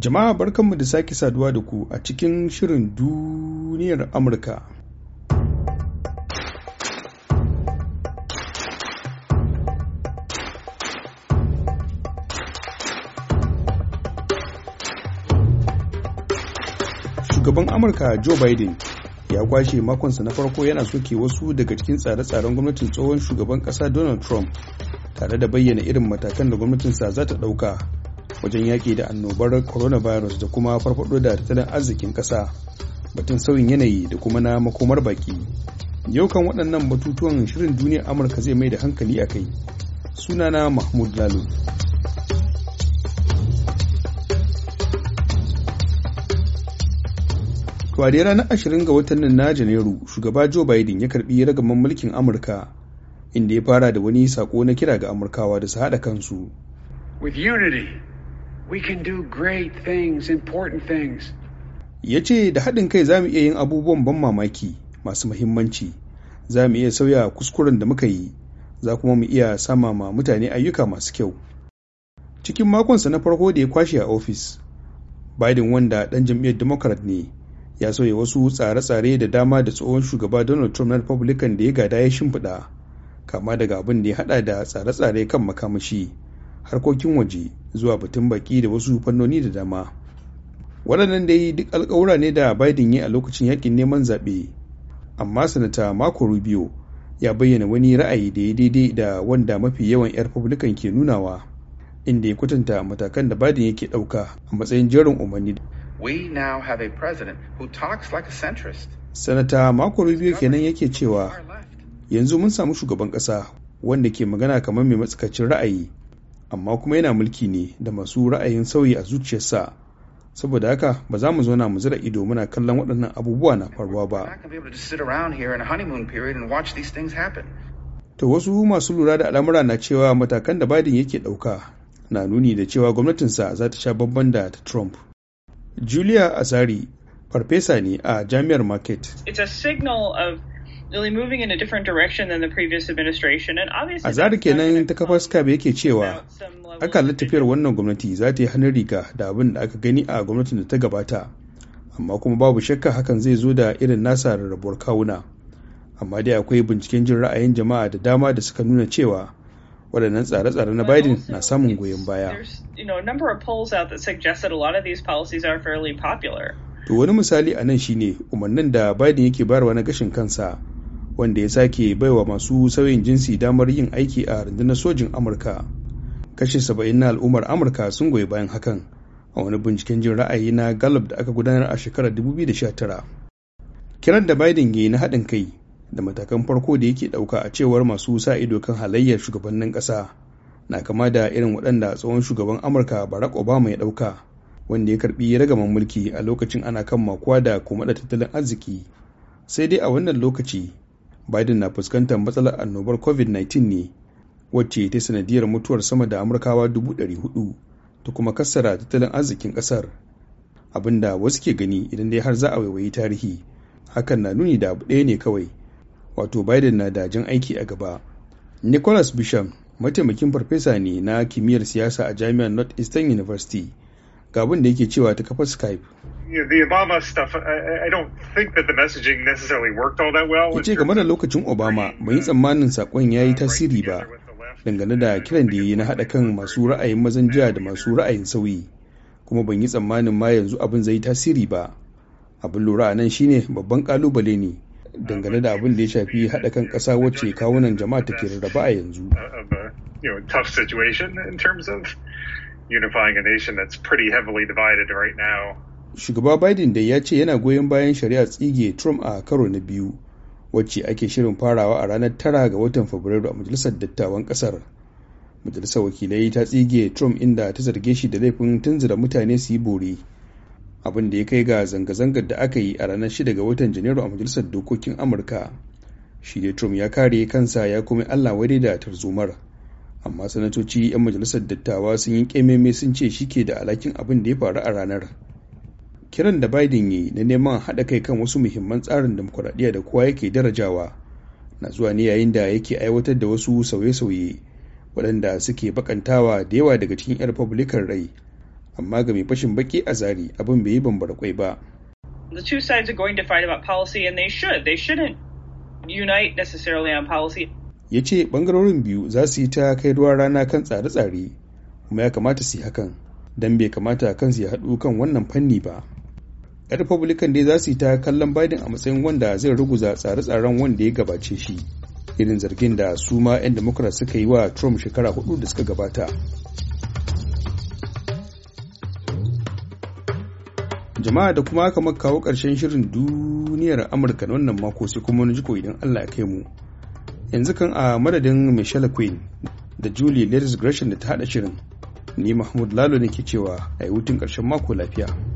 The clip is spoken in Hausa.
Jama'a barkanmu da sake saduwa da ku a cikin shirin duniyar Amurka. Shugaban Amurka Joe Biden ya kwashe makonsa na farko yana soke wasu daga cikin tsare-tsaren gwamnatin tsohon shugaban ƙasa Donald Trump tare da bayyana irin matakan da gwamnatinsa za ta ɗauka wajen yaƙi da annobar coronavirus da kuma farfaɗo da tattalin arzikin ƙasa batun sauyin yanayi da kuma na makomar baki yau kan waɗannan batutuwan shirin duniya amurka zai mai da hankali a kai sunana mahmud lalo Kwariyar ranar ashirin ga watan nan na Janairu, shugaba Joe Biden ya karbi ragaman mulkin Amurka, inda ya fara da wani sako na kira ga Amurkawa da su haɗa kansu. We can do great things, important Ya ce da haɗin kai za mu iya yin abubuwan ban mamaki masu muhimmanci, za mu iya sauya kuskuren da muka yi, za kuma mu iya sama ma mutane ayyuka masu kyau. Cikin makonsa na farko da ya kwashe a ofis, Biden wanda ɗan jam'iyyar Democrat ne, ya sauya wasu tsare-tsare da dama da tsohon shugaba Donald Trump na Republican da ya gada ya shimfiɗa, kama daga abin da ya haɗa da tsare-tsare kan makamashi. harkokin waje zuwa batun baki da wasu fannoni da dama waɗannan dai duk alkawura ne da biden yi a lokacin yakin neman zaɓe amma sanata mako rubio ya bayyana wani ra'ayi da ya daidai da wanda mafi yawan 'yar republican ke nunawa inda ya kwatanta matakan da biden yake ɗauka a matsayin jerin umarni We now have a president who Sanata Marco Rubio kenan yake cewa yanzu mun samu shugaban ƙasa wanda ke magana kamar mai matsakaicin ra'ayi amma kuma yana mulki ne da masu ra'ayin sauyi a zuciyarsa saboda haka ba za mu zauna mu zira ido muna kallon waɗannan abubuwa na faruwa ba to wasu masu lura da al'amura na cewa matakan da Biden yake ɗauka na nuni da cewa gwamnatinsa za ta sha babban da ta Trump. Julia Azari farfesa ne a Jami'ar Market. It's signal A tsari kenan ta kafar Skype yake cewa akalar tafiyar wannan gwamnati za ta yi hannun riga da abin da aka gani a gwamnatin da ta gabata, amma kuma babu shakka hakan zai zo da irin nasa rarrabuwar kawuna. Amma dai akwai binciken jin ra'ayin jama'a da dama da suka nuna cewa waɗannan tsare-tsare na Biden na samun goyon baya. To wani misali a nan shine umarnin da Biden yake bayarwa na gashin kansa wanda ya sake baiwa masu sauyin jinsi damar yin aiki a rundunar sojin amurka kashi 70 na al'ummar amurka sun goyi bayan hakan a wani binciken jin ra'ayi na gallup da aka gudanar a shekarar 2019 kiran da biden ya yi na haɗin kai da matakan farko da yake ɗauka a cewar masu sa ido kan halayyar shugabannin ƙasa na kama da irin waɗanda tsohon shugaban amurka barack obama ya ɗauka wanda ya karbi ragaman mulki a lokacin ana kan makuwa da kuma da tattalin arziki sai dai a wannan lokaci biden na fuskantar matsalar annobar covid-19 ne wacce ta sanadiyar mutuwar sama da amurkawa 400 ta kuma kassara tattalin arzikin kasar abinda wasu ke gani idan dai har za a waiwayi tarihi hakan na nuni da abu ɗaya ne kawai wato biden na da jin aiki a gaba nicholas bisham mataimakin farfesa ne na kimiyyar siyasa a jami'ar northeastern university ga abin da yake cewa ta kafar Skype. Ya ce game da lokacin Obama ban yi tsammanin saƙon ya yi tasiri ba dangane da kiran da ya yi na haɗa kan masu ra'ayin mazan jiya da masu ra'ayin sauyi kuma ban yi tsammanin ma yanzu abin zai tasiri ba. Abin lura a nan shine babban kalubale ne dangane da abin da ya shafi haɗa kan ƙasa wacce kawunan jama'a take rarraba a yanzu. Uh, unifying a nation that's pretty heavily divided right now. Shugaba Biden da ya ce yana goyon bayan shari'a tsige Trump a karo na biyu, wacce ake shirin farawa a ranar tara ga watan Fabrairu a Majalisar Dattawan Ƙasar. Majalisar Wakilai ta tsige Trump inda ta zarge shi da laifin tunzura mutane su yi bore. Abin da ya kai ga zanga-zangar da aka yi a ranar shida ga watan Janairu a Majalisar Dokokin Amurka. Shi dai Trump ya kare kansa ya kuma Allah wadai da tarzomar. amma sanatoci 'yan majalisar dattawa sun yi kememe sun ce shi ke da alhakin abin da ya faru a ranar kiran da biden yi na neman haɗa kai kan wasu muhimman tsarin demokuraɗiyya da kowa yake darajawa na zuwa ne yayin da yake aiwatar da wasu sauye-sauye waɗanda suke bakantawa da yawa daga cikin 'yan republican rai amma ga mai fashin baki a zari abin bai yi bambara kwai ba the two sides are going to fight about policy and they should they shouldn't unite necessarily on policy ya ce bangarorin biyu za su yi ta kai ruwan rana kan tsare-tsare kuma ya kamata su yi hakan don bai kamata kansu ya haɗu kan wannan fanni ba 'yan republican dai za su yi ta kallon biden a matsayin wanda zai ruguza tsare-tsaren wanda ya gabace shi irin zargin da su ma 'yan democrat suka yi wa trump shekara hudu da suka gabata jama'a da kuma aka kawo ƙarshen shirin duniyar amurka na wannan mako sai kuma wani jiko idan allah ya kai mu yanzu kan a madadin michelle queen da julie ladies gresham da ta hada shirin ni mahmud lalo ne ke cewa a yi hutun ƙarshen mako lafiya